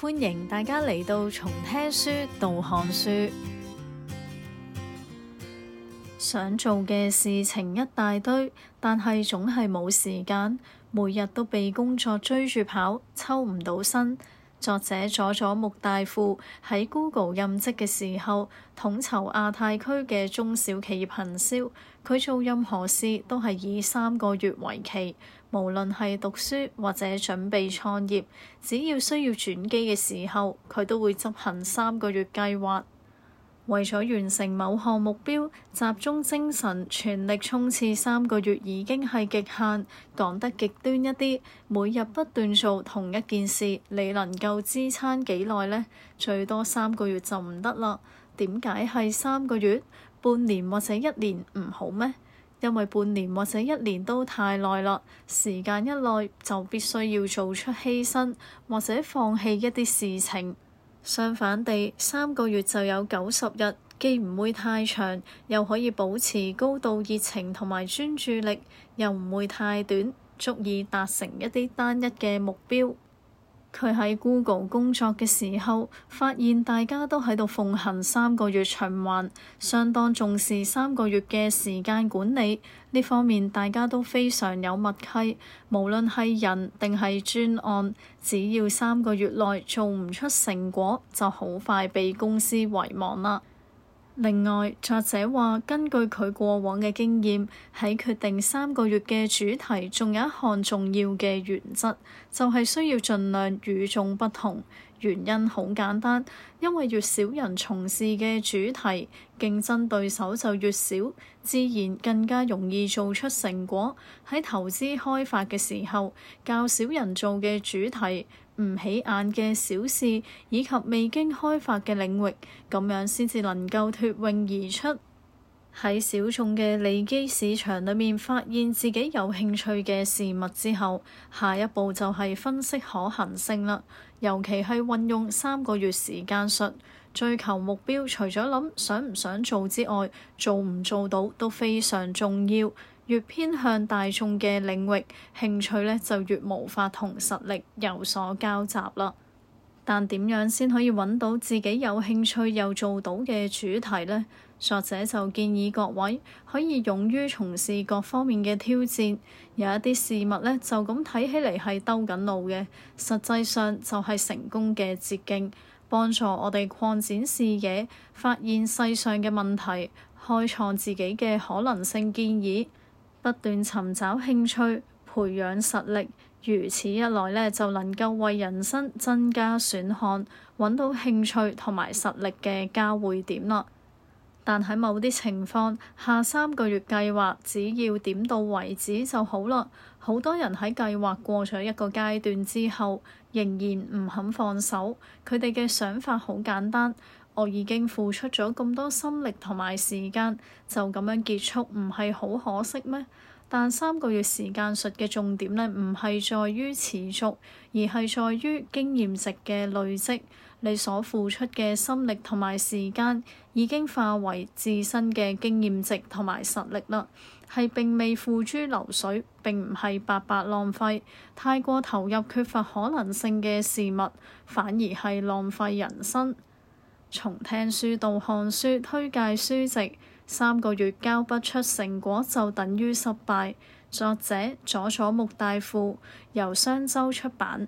歡迎大家嚟到從聽書到看書。想做嘅事情一大堆，但係總係冇時間，每日都被工作追住跑，抽唔到身。作者佐佐木大富喺 Google 任職嘅時候，統籌亞太區嘅中小企業行銷，佢做任何事都係以三個月為期，無論係讀書或者準備創業，只要需要轉機嘅時候，佢都會執行三個月計劃。為咗完成某項目標，集中精神，全力衝刺三個月已經係極限，講得極端一啲，每日不斷做同一件事，你能夠支撐幾耐呢？最多三個月就唔得啦。點解係三個月、半年或者一年唔好咩？因為半年或者一年都太耐啦，時間一耐就必須要做出犧牲或者放棄一啲事情。相反地，三個月就有九十日，既唔會太長，又可以保持高度熱情同埋專注力，又唔會太短，足以達成一啲單一嘅目標。佢喺 Google 工作嘅時候，發現大家都喺度奉行三個月循環，相當重視三個月嘅時間管理呢方面，大家都非常有默契。無論係人定係專案，只要三個月內做唔出成果，就好快被公司遺忘啦。另外，作者話根據佢過往嘅經驗，喺決定三個月嘅主題，仲有一項重要嘅原則，就係需要盡量與眾不同。原因好簡單，因為越少人從事嘅主題，競爭對手就越少，自然更加容易做出成果。喺投資開發嘅時候，較少人做嘅主題。唔起眼嘅小事，以及未經開發嘅領域，咁樣先至能夠脱穎而出。喺小眾嘅利基市場裏面，發現自己有興趣嘅事物之後，下一步就係分析可行性啦。尤其係運用三個月時間術，追求目標，除咗諗想唔想做之外，做唔做到都非常重要。越偏向大眾嘅領域，興趣咧就越無法同實力有所交集啦。但點樣先可以揾到自己有興趣又做到嘅主題咧？作者就建議各位可以勇於從事各方面嘅挑戰，有一啲事物咧就咁睇起嚟係兜緊路嘅，實際上就係成功嘅捷徑，幫助我哋擴展視野，發現世上嘅問題，開創自己嘅可能性。建議。不斷尋找興趣，培養實力，如此一來呢就能夠為人生增加選項，揾到興趣同埋實力嘅交匯點啦。但喺某啲情況下，三個月計劃只要點到為止就好啦。好多人喺計劃過咗一個階段之後，仍然唔肯放手，佢哋嘅想法好簡單。我已經付出咗咁多心力同埋時間，就咁樣結束，唔係好可惜咩？但三個月時間術嘅重點呢，唔係在於持續，而係在於經驗值嘅累積。你所付出嘅心力同埋時間已經化為自身嘅經驗值同埋實力啦，係並未付諸流水，並唔係白白浪費。太過投入缺乏可能性嘅事物，反而係浪費人生。從聽書到看書，推介書籍，三個月交不出成果就等於失敗。作者佐佐木大富，由商周出版。